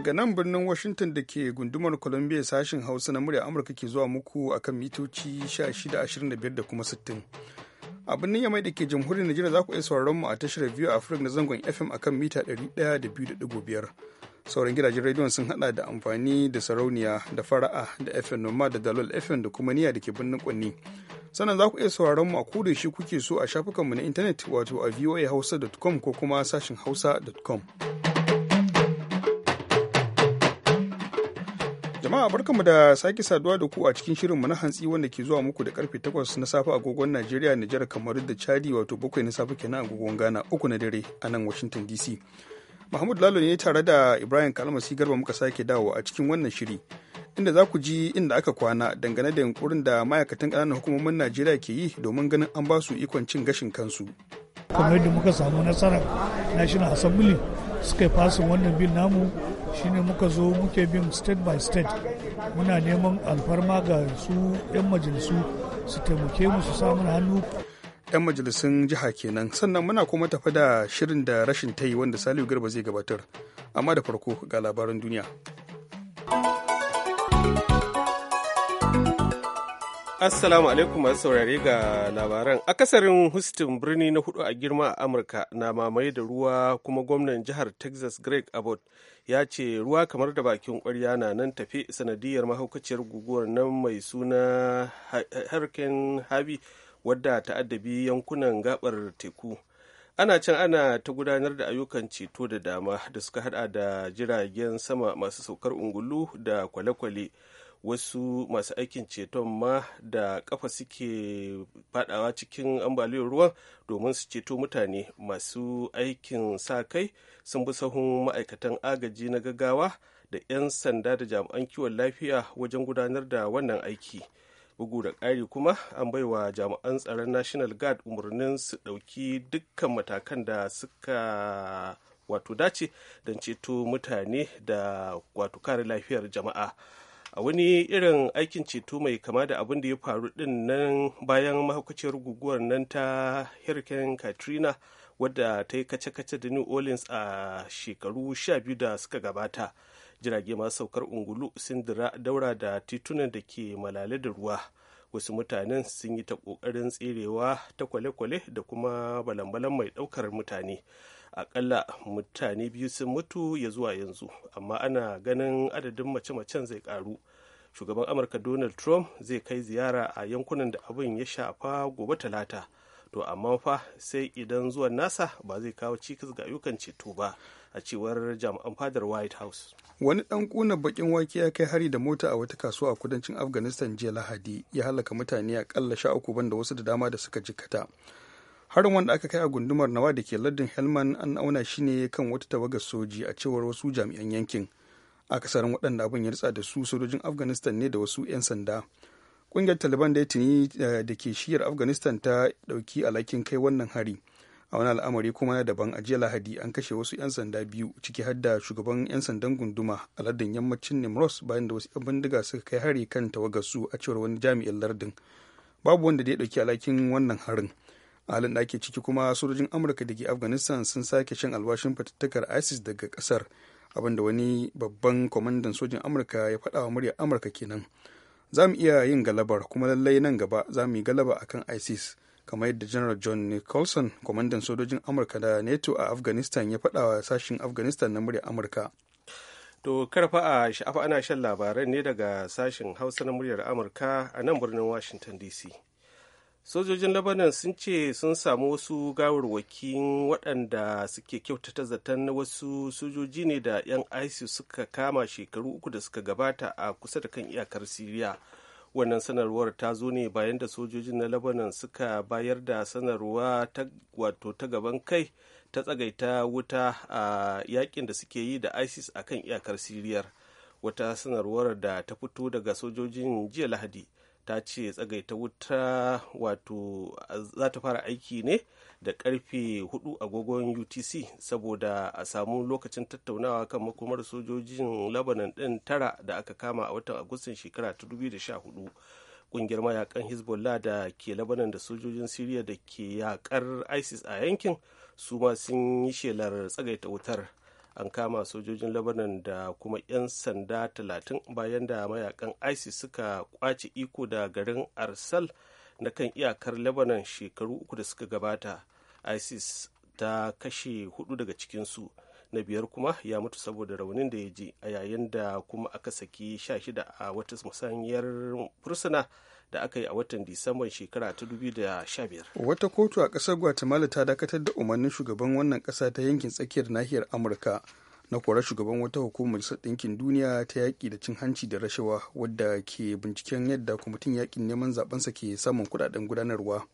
daga nan birnin washington da ke gundumar columbia sashen hausa na murya amurka ke zuwa muku akan mitoci 1625 da kuma 60 a birnin yamai da ke jamhuriyar najeriya za ku iya sauraron mu a tashar biyu a afirka na zangon fm akan mita 102.5 sauran gidajen rediyon sun hada da amfani da sarauniya da fara'a da fm noma da dalol fm da kuma niya da ke birnin kwanni sannan za ku iya sauraron mu a koda shi kuke so a shafukanmu na intanet wato a voahausa.com ko kuma sashin hausa.com Jama'a barkanmu da sake saduwa da ku a cikin shirinmu na hantsi wanda ke zuwa muku da karfe 8 na safe agogon Najeriya, Nijar, kamar da Chadi wato 7 na safe kenan agogon Ghana, 3 na dare a nan Washington DC. Mahmud Lalo ne tare da Ibrahim Kalmasi Garba muka sake dawo a cikin wannan shiri. Inda za ku ji inda aka kwana dangane da yunkurin da ma'aikatan kananan hukumomin Najeriya ke yi domin ganin an ba su ikon cin gashin kansu. Kamar yadda muka samu nasarar National Assembly suka yi fasin wannan bil namu shine muka zo muke bin state by state muna neman alfarma ga su 'yan majalisu su taimake mu su samun hannu 'yan majalisun jiha kenan sannan muna kuma tafi da shirin da rashin tayi wanda saliu garba zai gabatar amma da farko ga labaran duniya Assalamu alaikum masu saurare ga labaran. Akasarin Houston birni na hudu a girma a Amurka na mamaye da ruwa kuma gwamnan jihar Texas Greg Abbott ya ce ruwa kamar da bakin kwarya na nan tafi sanadiyar mahaukaciyar guguwar nan mai suna harkin habi wadda ta yankunan gabar teku ana can ana ta gudanar da ayyukan ceto da dama da suka hada da jiragen sama masu saukar ungulu da kwale-kwale wasu masu aikin ceton ma da kafa suke fadawa cikin ambaliyar ruwan domin su ceto mutane masu aikin sa kai sun bi sahun ma'aikatan agaji na gaggawa da 'yan sanda da jami'an kiwon lafiya wajen gudanar da wannan aiki bugu da ƙari kuma an baiwa jami'an tsaron national guard umarnin su ɗauki dukkan matakan da suka wato dace don ceto mutane da wato kare lafiyar jama'a a wani irin aikin ceto mai kama da abin da ya faru din nan bayan mahaukaciyar guguwar nan ta hurricane katrina wadda ta yi kace-kace da new orleans a shekaru sha biyu da suka gabata jirage masu saukar ungulu sun daura da titunan da ke malale da ruwa wasu mutanen sun yi ta kokarin tserewa ta kwale-kwale da kuma balambalan mai daukar mutane akalla mutane biyu sun mutu ya zuwa yanzu amma ana ganin adadin mace-macen zai karu shugaban amurka donald trump zai kai ziyara a yankunan da abin ya shafa gobe talata to amma fa sai idan zuwan nasa ba zai kawo cikas ga ayyukan ceto ba a cewar jami'an fadar white house wani dan kuna bakin wake ya kai hari da mota a wata kasuwa a kudancin afghanistan jiya lahadi ya halaka mutane akalla sha uku banda wasu da dama da suka jikata harin wanda aka kai a gundumar nawa da ke lardin helman an auna shi ne kan wata tawagar soji a cewar wasu jami'an yankin akasarin waɗanda abin ya ritsa da su sojojin afghanistan ne da wasu 'yan sanda ƙungiyar taliban da ya tuni eh, da ke shiyar afghanistan ta ɗauki alhakin kai wannan hari a wani al'amari kuma na daban a jiya lahadi an kashe wasu 'yan sanda biyu ciki har da shugaban 'yan sandan gunduma a lardin yammacin nimros bayan da wasu 'yan bindiga suka kai hari kan tawagar su a cewar wani jami'in lardin babu wanda da ya ɗauki alhakin wannan harin halin da ake ciki kuma sojojin amurka da ke afghanistan sun sake shan alwashin fatattakar isis daga kasar abinda wani babban kwamandan sojin amurka ya faɗa wa muryar amurka kenan za mu iya yin galabar kuma lallai nan gaba za mu yi galaba akan isis kamar yadda general john nicholson kwamandan sojojin amurka da nato a afghanistan ya faɗa wa sashen afghanistan na muryar amurka to karfa a sha'afa ana shan labaran ne daga sashen hausa na muryar amurka a nan birnin washington dc sojojin labanan sun ce sun samu wasu gawarwakin waɗanda suke kyautata zaton wasu sojoji ne da 'yan isis suka kama shekaru uku da suka gabata a kusa da kan iyakar siriya wannan sanarwar ta zo ne bayan da sojojin na labanan suka bayar da sanarwa ta wato ta gaban kai ta tsagaita wuta a yakin da suke yi da isis a kan iyakar siriyar wata sanarwar da ta fito daga sojojin jiya lahadi ta ce tsagaita wuta wato za ta fara aiki ne da karfe 4 agogon utc saboda a samu lokacin tattaunawa kan makomar sojojin labanan din tara da aka kama a watan agustan shekara ta 2014 kungiyar mayakan hezbollah da ke labanan da sojojin syria da ke yakar isis a yankin su ma sun yi shelar tsagaita wutar an kama sojojin lebanon da kuma 'yan sanda 30 bayan da mayakan isis suka kwace iko da garin arsal na kan iyakar lebanon shekaru uku da suka gabata isis ta kashe hudu daga cikinsu na biyar kuma ya mutu saboda raunin da ya ji a yayin da kuma aka saki 16 a wata musanyar fursuna da aka yi a watan disamban shekara ta da 2015 wata kotu a kasar guatemala ta dakatar da umarnin shugaban wannan kasa ta yankin tsakiyar nahiyar amurka na korar shugaban wata hukumar ɗinkin duniya ta yaƙi da cin hanci da rashawa wadda ke binciken yadda kwamitin yaƙin neman zabensa ke samun kuɗaɗen gudanarwa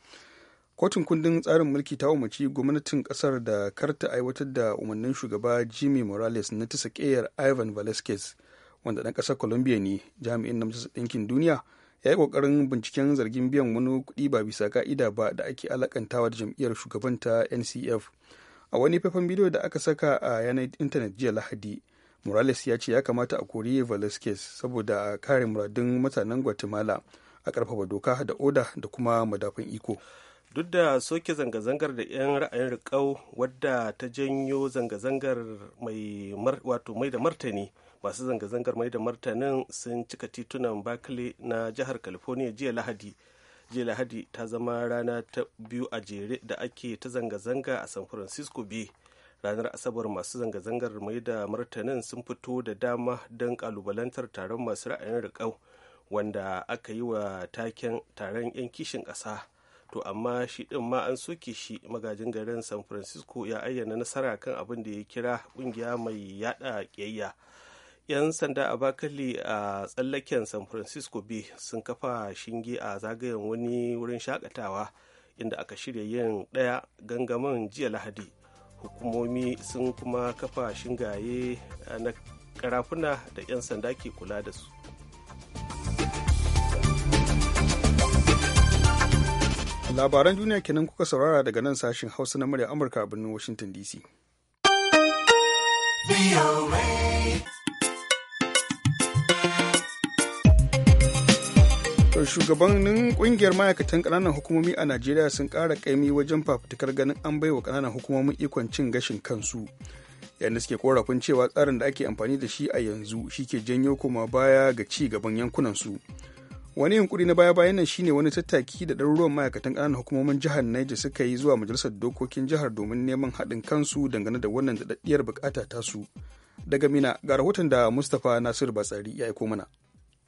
kotun kundin tsarin mulki ta umarci gwamnatin kasar da karta aiwatar da umarnin shugaba jimmy morales na ta sakeyar ivan velasquez wanda ɗan ƙasar colombia ne jami'in na majalisar ɗinkin duniya ya yi kokarin binciken zargin biyan wani kuɗi ba bisa ka'ida ba da ake alakantawa da jam'iyyar ta ncf a wani faifan bidiyo da aka saka a yanar intanet jiya lahadi morales ya ce ya kamata a kori velasquez saboda kare muradun mutanen guatemala a karfafa doka da oda da kuma madafin iko duk da soke zanga-zangar da 'yan ra'ayin rikau wadda ta janyo zanga-zangar mai da martani masu zanga-zangar mai da martanin sun cika titunan berkeley na jihar california jiya lahadi jiya lahadi ta zama rana ta biyu a jere da ake ta zanga-zanga a san francisco bay ranar asabar masu zanga-zangar mai da martanin sun fito da dama don kalubalantar taron masu ra'ayin riƙau wanda aka yi wa taken taron 'yan kishin ƙasa to amma shi ɗin ma an soke shi magajin garin san francisco ya ayyana nasara kan abin da ya kira ƙungiya mai yada ƙiyayya 'yan sanda a bakali a tsallaken san francisco bay sun kafa shinge a zagayen wani wurin shakatawa inda aka shirya yin daya gangamin jiya lahadi hukumomi sun kuma kafa shingaye eh, na karafuna da 'yan sanda ke kula da su labaran duniya kenan kuka saurara daga nan sashen hausa na murya amurka a birnin washington dc to shugabannin kungiyar ma'aikatan kananan hukumomi a najeriya sun ƙara kaimi wajen fafutukar ganin an bai wa kananan hukumomin ikon cin gashin kansu yadda suke korafin cewa tsarin da ake amfani da shi a yanzu shi ke janyo koma baya ga ci gaban yankunansu wani yunkuri na baya bayan nan shine wani tattaki da ɗaruruwan ma'aikatan ƙananan hukumomin jihar Niger suka yi zuwa majalisar dokokin jihar domin neman haɗin kansu dangane da wannan daɗaɗɗiyar bukata tasu daga mina ga rahoton da mustapha nasiru batsari ya aiko mana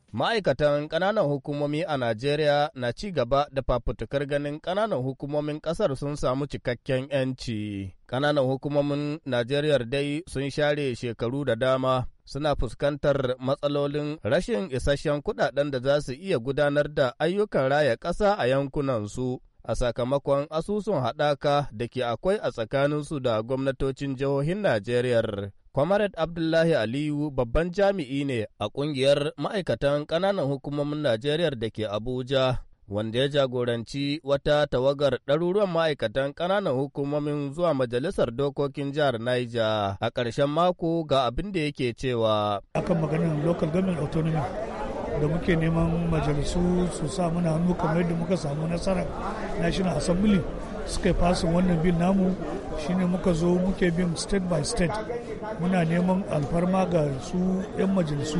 Ma'aikatan ƙananan hukumomi a Najeriya na ci gaba da fafutukar ganin ƙananan hukumomin ƙasar sun samu cikakken 'yanci. Ƙananan hukumomin Najeriya dai sun share shekaru da dama suna fuskantar matsalolin rashin isasshen kuɗaɗen da za su iya gudanar da ayyukan raya ƙasa a yankunansu. a sakamakon asusun haɗaka da ke akwai a tsakaninsu da gwamnatocin jihohin Najeriya. Comrade Abdullahi Aliyu babban jami'i ne a ƙungiyar ma'aikatan ƙananan hukumomin Najeriya da ke Abuja, wanda ya jagoranci wata tawagar ɗaruruwan ma'aikatan ƙananan hukumomin zuwa Majalisar Dokokin Jihar Niger a ƙarshen mako ga abin da yake cewa. Akan maganin local government autonomy da muke neman majalisu su sa mana hannu kamar yadda muka samu nasarar National Assembly suka fasa wannan bil namu shine muka zo muke bin state by state muna neman alfarma ga su 'yan majalisu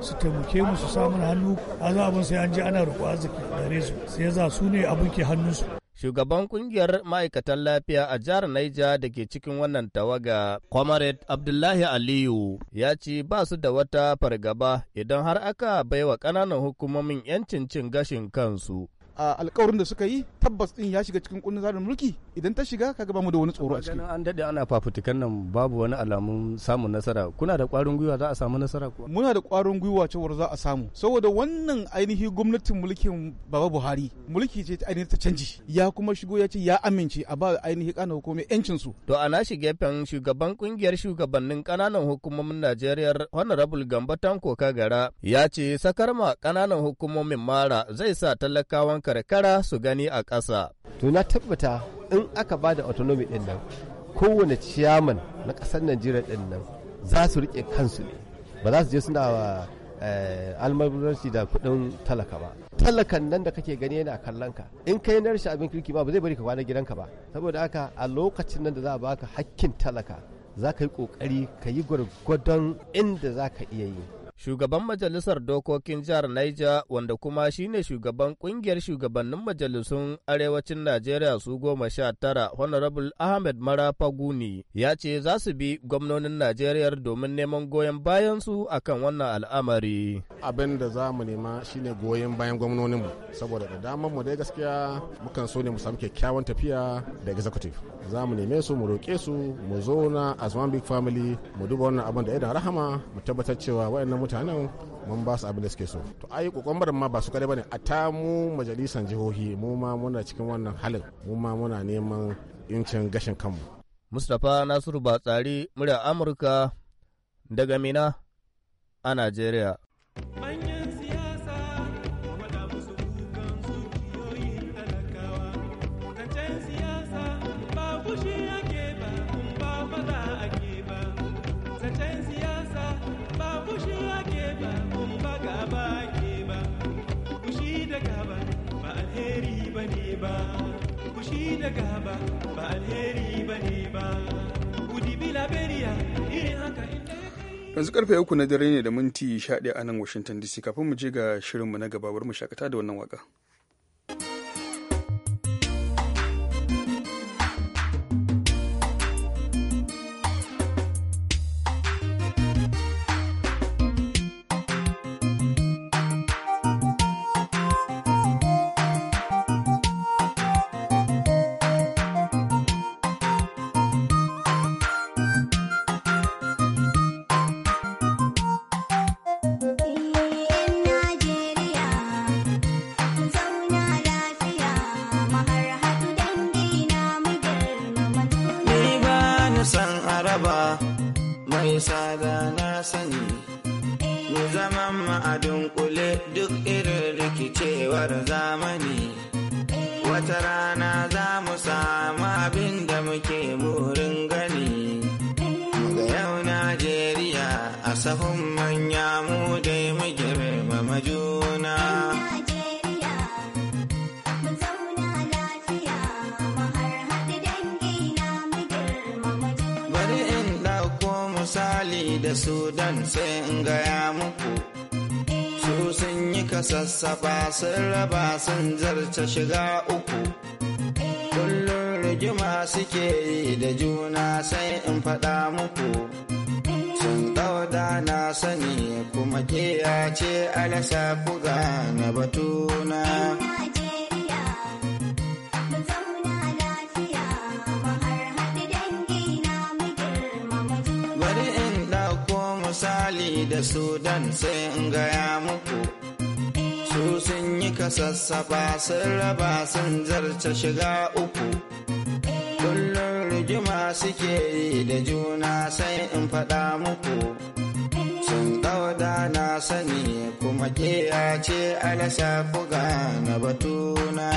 su taimake mu su samun hannu azabin sai an je ana roƙo arziki gare su sai za su ne abin ke hannunsu shugaban kungiyar ma'aikatan lafiya a jihar Naija da ke cikin wannan tawaga, Comrade Abdullahi Aliyu, ya ce ba su da wata fargaba idan har aka baiwa ƙananan hukumomin 'yancin cin gashin kansu. alkawarin da suka yi tabbas din ya shiga cikin kundin tsarin mulki idan ta shiga kaga ba mu da wani tsoro a ciki an dade ana fafutukan nan babu wani alamun samun nasara kuna da kwarin gwiwa za a samu nasara kuwa muna da kwarin gwiwa cewar za a samu saboda wannan ainihi gwamnatin mulkin baba buhari mulki ce ta ainihin ta canji ya kuma shigo ya ce ya amince a ba ainihi kana hukumar yancin su to a shige gefen shugaban kungiyar shugabannin kananan hukumomin Najeriya honorable gambatan Tanko Kagara ya ce sakarma kananan hukumomin Mara zai sa talakawan karkara su gani a ƙasa. To na tabbata in aka ba da autonomy ɗin nan kowane ciyaman na ƙasar Najeriya ɗin nan za su riƙe kansu ne ba za su je suna wa eh, almabaranci da kuɗin talaka ba. Talakan nan da kake gani yana kallon ka in kai na rashin abin kirki ba ba zai bari ka kwana gidanka ba saboda haka a lokacin nan da za a baka hakkin talaka za ka yi ƙoƙari ka yi gwargwadon inda za ka iya yi. Shugaban Majalisar Dokokin Jihar Niger wanda kuma shine shugaban kungiyar shugabannin majalisun Arewacin Najeriya su goma sha tara Honorable Ahmed Mara Faguni ya ce za su bi gwamnonin Najeriya domin neman goyon bayan su akan wannan al'amari. Abin da za mu nema shine goyon bayan gwamnonin mu saboda da damar mu dai gaskiya mukan so ne mu samu kyakkyawan tafiya da executive. Za mu neme su mu roƙe su mu zo na as one big family mu duba wannan abin da da rahama mu tabbatar cewa waɗannan mutanen mun ba su abin da suke so to ai kokon barin ma ba su kare bane a ta mu majalisan jihohi mu ma muna cikin wannan halin mu ma muna neman incin gashin kanmu Mustapha Nasiru ba Batsari murya Amurka daga Mina a Najeriya. da gaba ba alheri ba ne yanzu karfe uku na dare ne da minti 11 a nan washington dc kafin mu je ga shirinmu na gaba bari mu shakata da wannan waka rayuwar zamani wata rana za mu samu abin da muke burin gani ga yau najeriya a sahun manya mu dai mu girmama juna misali da sudan sai in gaya muku sun yi kasassaba sun raba sun zarta shiga uku kullum rigima suke yi da juna sai in faɗa muku sun ɗauda na sani kuma ke ce alasa ku gane batuna. da su dan sai in gaya muku. Su sun yi kasassafa sun raba sun zarta shiga uku. Kullum rigima suke yi da juna sai in faɗa muku. Sun ɗauda na sani kuma ke ce alasa buga na batuna.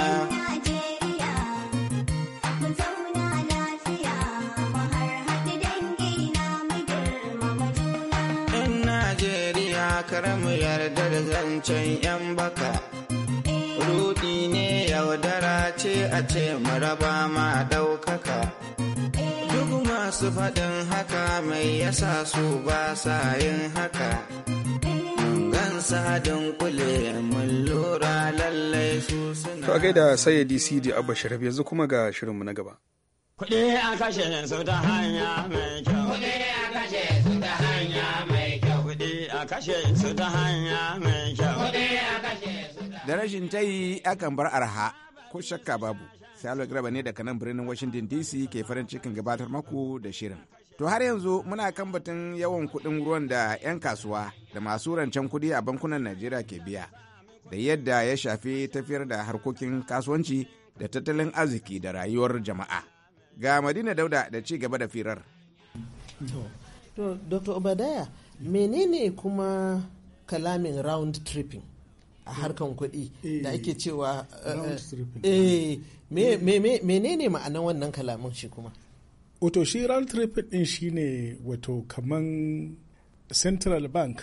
zancen 'yan baka rudi ne yaudara ce a ce maraba ma ɗaukaka duk masu faɗin haka mai yasa su ba sa yin haka sadin kule mun lura lallai su suna to gaida sayyidi sidi abba sharaf, yanzu kuma ga shirinmu na gaba kuɗi a kashe su ta hanya mai kyau kuɗi a kashe su ta hanya mai kyau kuɗi a kashe su ta hanya mai da rashin tayi akan bar arha ko shakka babu sai alwagraba ne daga nan birnin washington dc ke farin cikin gabatar maku da shirin to har yanzu muna kan batun yawan kuɗin ruwan da 'yan kasuwa da masu rancen kuɗi a bankunan najeriya ke biya da yadda ya shafi tafiyar da harkokin kasuwanci da tattalin arziki da rayuwar jama'a ga madina dauda da ci gaba da firar dr obadaya menene kuma kalamin round tripping a harkan kuɗi da eh, ake cewa eh, eh, menene ma'anan wannan kalamin shi kuma wato shi round trip din shi ne wato kaman central bank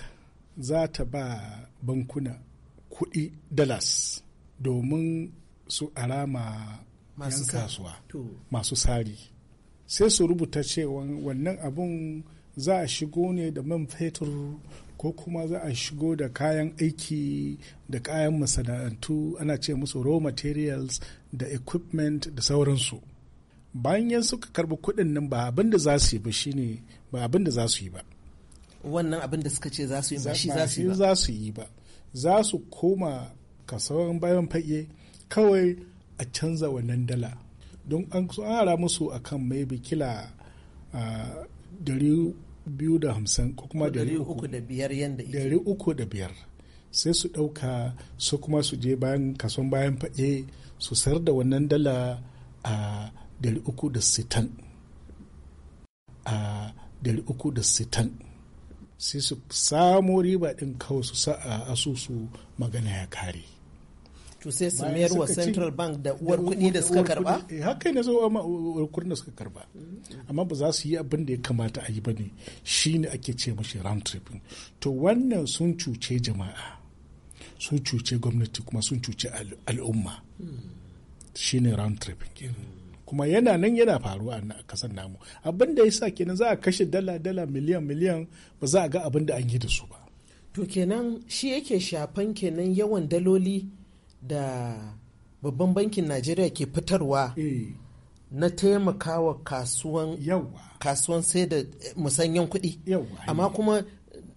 za ta ba bankuna kuɗi dollars domin su arama masu kasuwa masu sari sai su rubuta cewa wannan abun za a shigo ne da man fetur ko kuma za a shigo da kayan aiki da kayan masana'antu ana ce musu raw materials da equipment da sauransu bayan yan suka karbi kuɗin nan ba abin da za su yi ba shine ba abin da za su yi ba wannan abin da suka ce za su yi ba shi za su yi ba za su koma kasuwan bayan fage kawai a canza wannan dala don an ara musu akan maybe kila ah, dari biyu da hamsin ko kuma dari uku da biyar yadda dari uku da biyar sai su ɗauka su kuma su je bayan kason bayan faɗe su sayar da wannan dala a dari uku da sitan a dari uku da sitan sai su samo riba ɗin kawai su sa a asusu magana ya kare to sai su mayar wa central bank da uwar kuɗi da suka karba eh, haka ne zo ma uwar kuɗi da suka karba amma ba za su yi abin da ya kamata a yi ba ne shine ake ce mashi round tripping to wannan sun cuce jama'a sun cuce gwamnati kuma sun cuce al'umma shine round tripping kuma yana nan yana faruwa a kasar namu abin da ya sa kenan za a kashe dala dala miliyan miliyan ba za a ga abin da an yi da su ba to kenan shi yake shafan kenan yawan daloli da babban bankin najeriya ke fitarwa eh. na taimakawa kasuwan kasuwan sai da eh, musanyen kuɗi amma kuma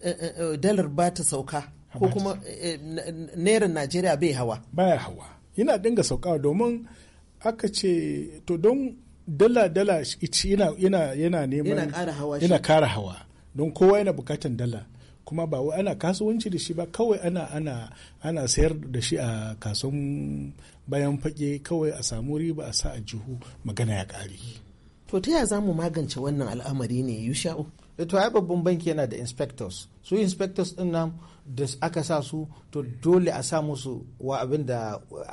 eh, dalar ba ta sauka ko kuma naira najeriya bai hawa baya hawa yana dinga sauka domin aka ce to don dala dala yana neman yana kara hawa don kowa yana bukatan dala kuma ba wai ana kasuwanci da shi ba kawai ana ana ana sayar da shi a kasuwan bayan fage kawai a samu riba a sa a jihu magana ya kare to ta ya zamu magance wannan al'amari ne yusha'u eh, to ai babban banki yana da inspectors su inspectors din nan da aka sa su to dole a sa musu wa abin da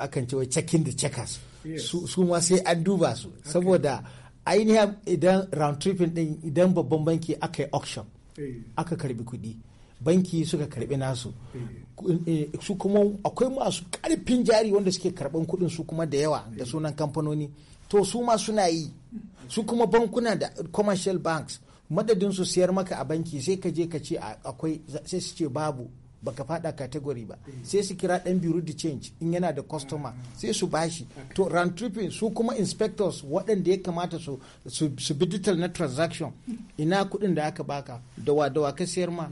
akan ce wai checking the checkers su ma sai an duba su saboda ainihin idan round tripping din idan babban banki aka yi auction eh. aka karbi kuɗi banki suka karbi nasu eh. Eh, su kuma akwai masu karfin jari wanda suke karban kudin su kuma da yawa da eh. sunan kamfanoni to su ma suna yi su kuma bankuna da commercial banks madadin su siyar maka a banki sai ka je ka ce akwai sai su ce babu baka fada category ba sai su kira dan bureau de change in yana da customer sai su bashi to round tripping su kuma inspectors waɗanda ya kamata su su digital na transaction ina kuɗin da aka baka dawa dawa ka sayar ma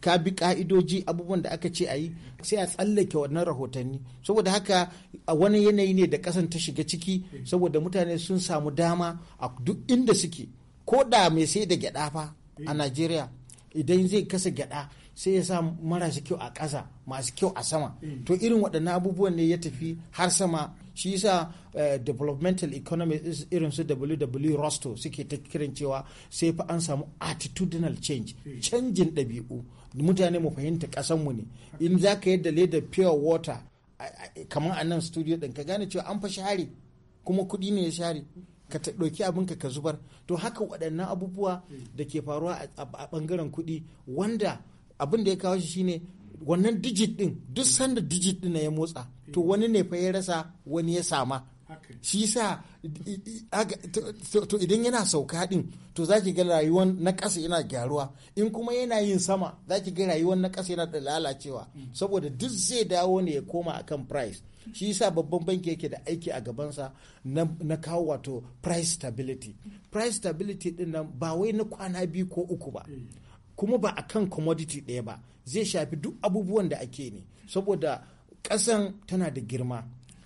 ka bi ka'idoji abubuwan da aka ce a yi sai a tsallake wannan rahotanni saboda haka a wani yanayi ne da kasan ta shiga ciki saboda mutane sun samu dama a duk inda suke ko da mai sai da gyada fa a Najeriya idan zai kasa gyada sai ya sa marasa kyau a ƙasa masu kyau a sama eh. to irin waɗannan abubuwan ne ya tafi har sama shi yasa eh, developmental economy irin su WW e, Rosto suke ta kiran cewa sai fa an samu attitudinal change eh. canjin ɗabi'u mutane mu fahimta ƙasanmu ne in za ka yadda leda pure water kamar a nan studio ɗin ka gane cewa an fa share kuma kuɗi ne ya share ka ɗauki abinka ka zubar to haka waɗannan abubuwa da ke faruwa a ɓangaren kuɗi wanda abin da ya kawo shi shine wannan digit din duk sanda digit din ya motsa to wani ne fa ya rasa wani ya sama shi sa to idan yana sauka din to zaki ga rayuwar na ƙasa yana gyaruwa in kuma yana yin sama zaki ga rayuwar na ƙasa yana da lalacewa saboda duk zai dawo ne ya koma akan price shi sa babban banki yake da aiki a gabansa na kawo wato price stability price stability din nan ba wai na kwana biyu ko uku ba eh. kuma ba a kan commodity ɗaya ba zai shafi duk abubuwan da ake ne saboda ƙasan tana da girma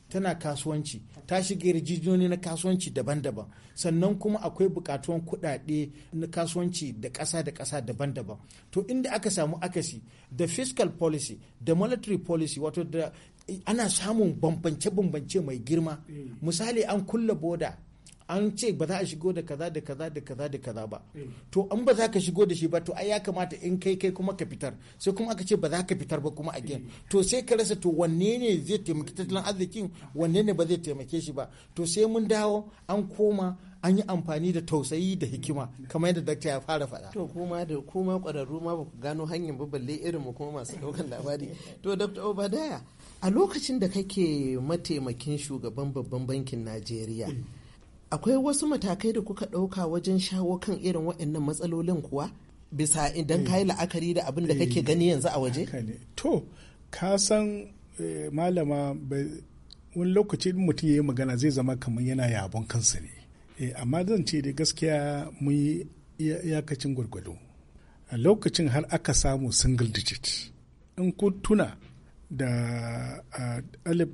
tana kasuwanci ta shiga yarjejeniyoyi na kasuwanci daban-daban sannan kuma akwai bukatuwan kudade na kasuwanci da ƙasa da ƙasa daban-daban to inda aka samu akasi da fiscal policy da monetary policy wato da ana samun bambance-bambance mai girma mm. misali an kulle boda an ce ba za a shigo da kaza da kaza da kaza da kaza ba to an ba za ka shigo da shi ba to ai ya kamata in kai kai kuma ka fitar sai kuma aka ce ba za ka fitar ba kuma again to sai ka rasa to wanne ne zai taimaki tattalin arzikin wanne ne ba zai taimake shi ba to sai mun dawo an koma an yi amfani da tausayi da hikima kamar yadda dakta ya fara faɗa. To kuma da kuma ƙwararru ma ba ku gano hanyar ba balle irin mu kuma masu ɗaukan labari. To dakta Obadaya a lokacin da kake mataimakin shugaban babban bankin Najeriya. akwai wasu matakai da kuka ɗauka wajen shawo kan irin waɗannan matsalolin kuwa bisa idan ka yi eh. la'akari da abin da eh. kake gani yanzu a waje to ka san eh, malama wani lokaci mutum ya yi magana zai zama kamar yana yabon kansa ne amma zan ce da gaskiya mun yi iyakacin gwargwado a lokacin har aka samu single digit in ku tuna da ah, alif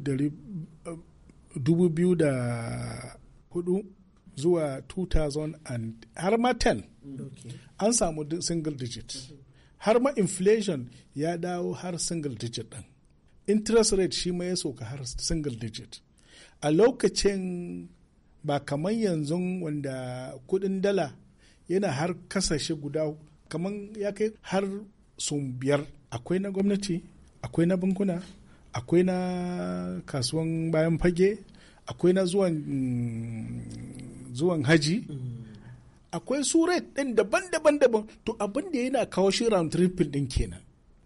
dubu biyu da 2004 zuwa 2000 har ma 10 an samu single digit har ma inflation ya dawo har single digit ɗin interest rate shi ma ya soka har single digit a lokacin ba kamar yanzu wanda kudin dala yana har kasashe guda kamar ya kai har sun biyar akwai na gwamnati akwai na bankuna akwai na kasuwan bayan fage akwai na zuwan zuwan haji akwai su ɗin daban-daban daban to abin da yana kawo shi round tripping ɗin kenan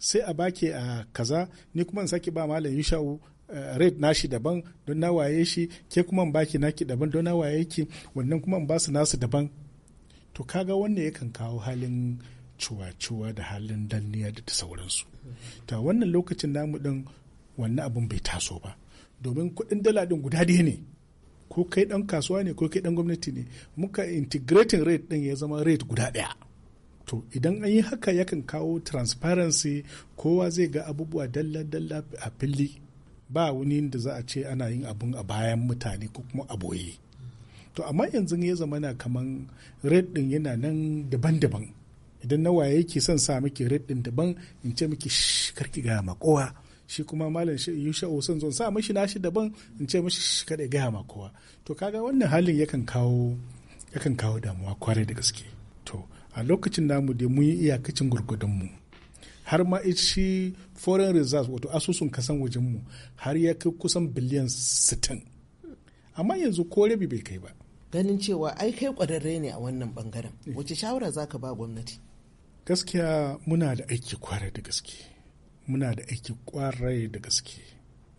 sai a baki a kaza ni kuma in sake ba malam yusha'u eh, red nashi daban don na waye shi ke kuma in baki naki daban don na waye ki wannan kuma in basu nasu daban to kaga wannan yakan kawo halin cuwa-cuwa da halin danniya da ta sauransu ta wannan lokacin namu ɗin wannan abin bai taso ba domin kudin dala din guda daya ne ko kai dan kasuwa ne ko kai dan gwamnati ne muka integrating rate din ya zama rate guda daya to idan an yi haka yakan kawo transparency kowa zai ga abubuwa dalla-dalla a fili ba wani da za a ce ana yin abun a bayan mutane ko kuma a boye to amma yanzu ya zama na kaman red din yana nan daban-daban idan na waye yake son sa miki red din daban in ce miki karki ga kowa. shi kuma malam yusha'u son zon sa mashi nashi daban in ce mashi shi kaɗai gaya ma kowa to kaga wannan halin yakan kawo yakan kawo damuwa kwarai da gaske to a lokacin namu dai mun yi iyakacin gurgudunmu har ma shi foreign reserves wato asusun kasan wajenmu har ya kai kusan biliyan 60 amma yanzu ko rabi bai kai ba ganin cewa ai kai kwararre ne a wannan bangaren wace shawara zaka ba gwamnati gaskiya muna da aiki kwarai da gaske muna da aiki kwarai da gaske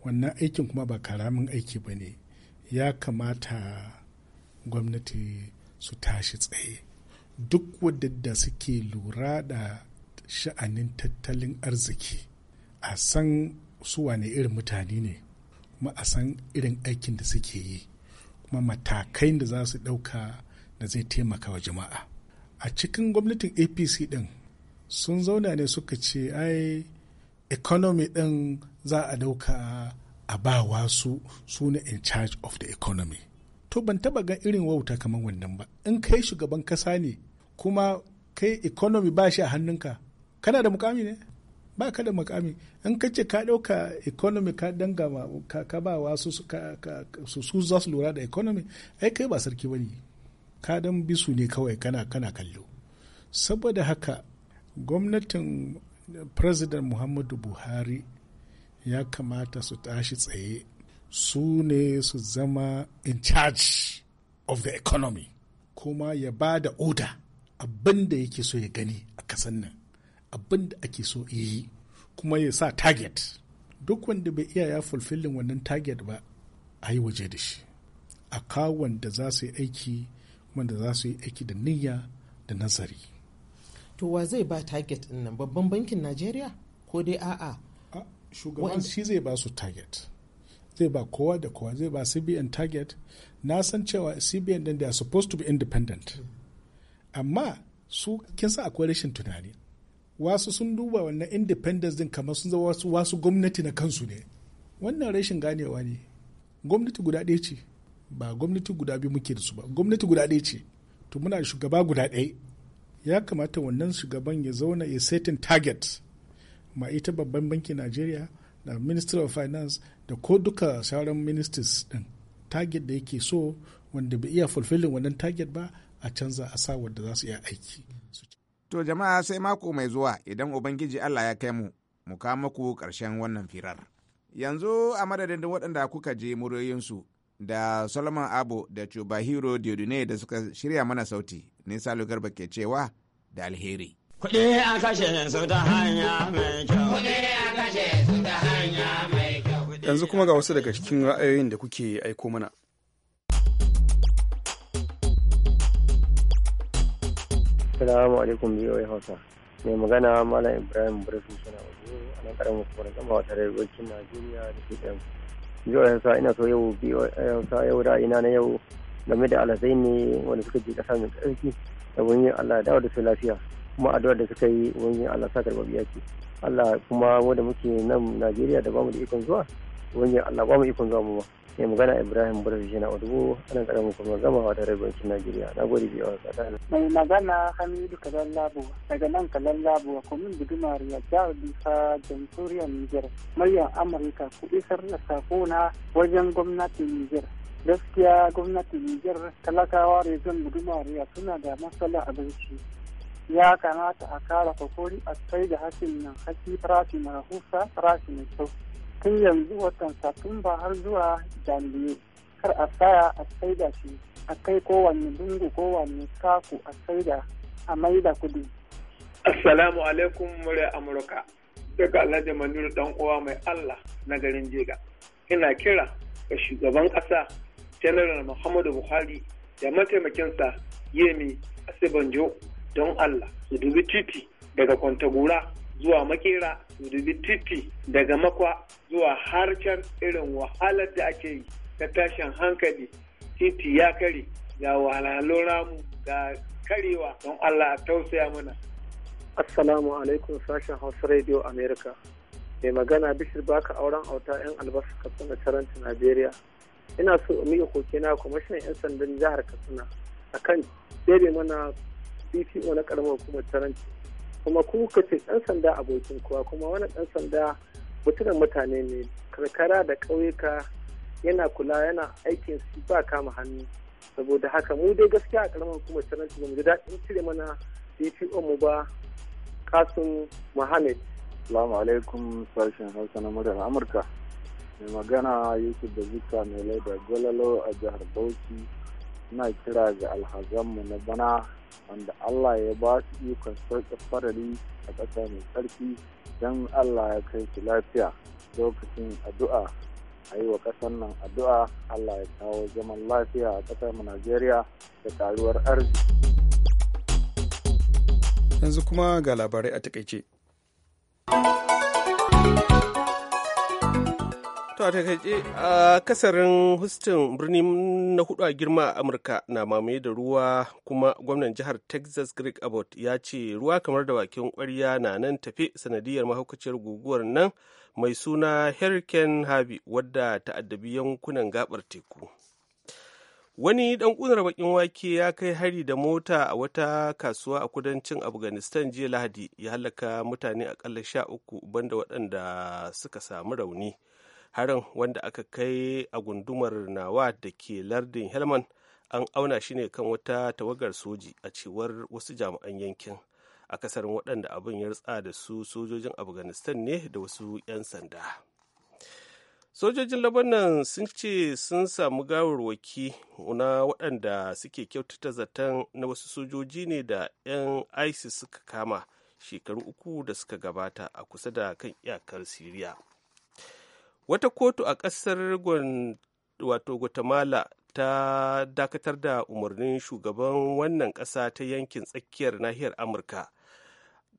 wannan aikin kuma ba karamin aiki ba ne ya kamata gwamnati su tashi tsaye duk wadda suke lura da sha'anin tattalin arziki a san su wane irin mutane ne kuma a san irin aikin da suke yi kuma matakai da za su ɗauka da zai taimaka wa jama'a a cikin gwamnatin apc ɗin sun zauna ne suka ce ai economy din za a dauka a ba wasu su ne in charge of the economy to ban taba ga irin wauta kamar wannan ba in kai shugaban kasa ne kuma kai economy ba shi a hannunka kana da mukami ne ba ka da mukami in ka ce ka ɗauka economy ka danga ka, ka ba wasu su su za su lura da economy ai kai ba sarki bane ka dan bisu ne kawai kana kana kallo saboda haka gwamnatin president muhammadu buhari ya kamata su tashi tsaye su ne su zama in charge of the economy kuma ya ba da oda abin da yake so ya gani a kasan nan abin da ake so ya yi kuma ya sa target duk wanda bai iya ya fulfillin wannan target ba a yi waje da shi a kawo wanda za su yi aiki wanda za su yi aiki da niyya da nazari to wa zai ba target din nan babban bankin najeriya ko dai a'a shugaban shi zai ba su target zai ba kowa da kowa zai ba cbn target na san cewa cbn din da supposed to be independent amma su kin sa akwai rashin tunani wasu sun duba wannan independence din kamar sun zama wasu, wasu gwamnati na kansu ne wannan rashin ganewa ne gwamnati guda ɗaya ce ba gwamnati guda biyu muke da su ba gwamnati guda ɗaya ce to muna da shugaba guda ɗaya ya kamata wannan shugaban ya zauna ya setting target ma ita babban bankin najeriya da ministry of finance da ko duka sauran ministers din target da yake so wanda bai iya fulfilling wannan target ba a canza a sa wanda za su iya aiki to jama'a sai mako mai zuwa idan ubangiji allah ya kai mu mu kama ku karshen wannan firar yanzu a madadin waɗanda kuka je muryoyinsu da solomon abu da chubahiro diodune da suka shirya mana sauti nisa garba ke cewa da alheri kudi a kashe su ta hanya mai kyau kudi a kashe su ta hanya mai kyau yanzu kuma ga wasu daga cikin ra'ayoyin da kuke aiko mana Assalamu alaikum biyoyi Hausa. Mai magana Malam Ibrahim Burfi suna wajen a nan karamin kuma da wata rayuwar Najeriya da ke zuwa sa ina so yau biyu yau ra'ayina na yau game da alazai ne wanda suka ji kasa mai tsarki da wani Allah dawo da su lafiya kuma addu'ar da suka yi wani Allah sa karɓar ce Allah kuma wanda muke nan Najeriya da bamu da ikon zuwa wani Allah bamu ikon zuwa mu ba mai magana ibrahim burfi shi na odubu ana karamin kuma gamawa da rabancin najeriya na gode biyu a tsakanin mai magana hamidu kalan labo daga nan kalan labo a kumin bidumar ya jihar bisa jamhuriyar niger muryar amurka ku isar da sako wajen gwamnatin niger gaskiya gwamnatin niger talakawa rezon bidumar ya suna da matsala abinci ya kamata a kara kokori a sai da hakin nan haki farashi mara husa farashi mai kyau tun yanzu watan satumba har zuwa janbiyu kar a tsaya a saida shi a kai kowanne dungu kowanne saku a saida a da kudi assalamu alaikum murya amurka daga alhaji manuru dan uwa mai allah na garin jega ina kira ga shugaban ƙasa general muhammadu buhari da mataimakinsa yemi asibanjo don allah su dubi titi daga kwantagura zuwa makera su dubi titi daga makwa zuwa harshen irin wahalar da ake yi ta tashin hankali titi ya kare ga wahalhalun ramu ga karewa don Allah a tausaya mana. Assalamu alaikum sashen Hausa Radio America. Mai magana Bishir baka auren auta 'yan albasa Katsina Taranta nigeria Ina so in miƙa kokina kwamishin 'yan sandan jihar Katsina akan tsere mana bp na karamar hukumar Taranta kuma ku ka ce ɗan sanda abokin kowa kuma wani ɗan sanda mutumin mutane ne karkara da ƙauyuka yana kula yana aikin su ba kama hannu saboda haka mu dai gaskiya a karamar kuma sanarci ba mu ji daɗin cire mana dpo mu ba kasun muhammad salamu alaikum sashen hausa na muryar amurka mai magana yusuf da zika mai laida gwalalo a jihar bauchi suna kira ga alhazanmu na bana wanda Allah ya ba su ikon sauƙi farari a ƙasa mai tsarki don Allah ya kai su lafiya lokacin addu'a a yi wa ƙasar nan addu'a Allah ya kawo zaman lafiya a ƙasar mu Najeriya da taruwar arziki. Yanzu kuma ga labarai a takaice. To a takaice a kasarin Houston birni na hudu a girma a Amurka na mamaye da ruwa kuma gwamnan jihar Texas Greg Abbott ya ce ruwa kamar da bakin kwarya na nan tafe sanadiyar mahaukaciyar guguwar nan mai suna Hurricane Harvey wadda ta addabi yankunan gabar teku. Wani dan kunar bakin wake ya kai hari da mota a wata kasuwa a kudancin Afghanistan jiya Lahadi ya halaka mutane akalla sha uku banda waɗanda suka samu rauni. harin wanda aka kai a gundumar nawa da ke lardin helman an auna shi ne kan wata tawagar soji a cewar wasu jami'an yankin a kasar waɗanda abin ya rutsa da su sojojin afghanistan ne da wasu 'yan sanda sojojin labanan sun ce sun samu gawarwaki na waɗanda suke kyautata zaton na wasu sojoji ne da 'yan isis suka kama shekaru uku da suka gabata a kusa da kan iyakar siriya wata kotu a ƙasar guatemala ta dakatar da umarnin shugaban wannan ƙasa ta yankin tsakiyar nahiyar amurka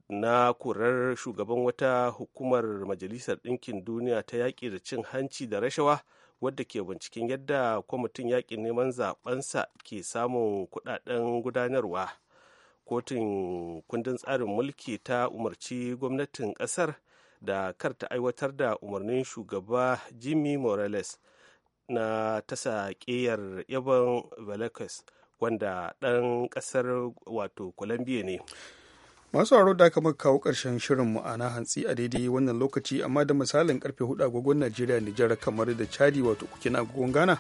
na kurar shugaban wata hukumar majalisar ɗinkin duniya ta yaƙi da cin hanci da rashawa wadda ke binciken yadda kwamitin yaƙin neman zaɓensa ke samun kuɗaɗen gudanarwa kotun kundin tsarin mulki ta umarci gwamnatin ƙasar da kar ta aiwatar da umarnin shugaba jimmy morales na tasa ƙeyar yabon velazquez wanda ɗan ƙasar wato colombia ne masu haro da aka maka kawo ƙarshen shirin ma'ana hantsi a daidai wannan lokaci amma da misalin karfe hudu agogon najeriya nijar kamar da chadi wato kuke na agogon ghana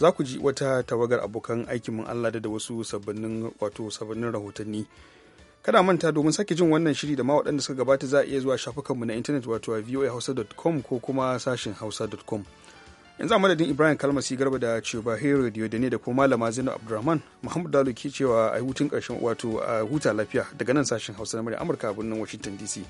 za ku ji wata tawagar abokan aikin mun allah da wasu sabbin wato sabbin rahotanni kada manta domin sake jin wannan shiri da ma waɗanda suka gabata za a iya zuwa shafukanmu na intanet wato a voahausa.com ko kuma sashen hausa.com yanzu a madadin ibrahim kalmasi garba da cewa hero da ne da kuma malama zainab abdulrahman muhammad dalu ke cewa a hutun karshen wato a huta lafiya daga nan sashen hausa na amurka a birnin washington dc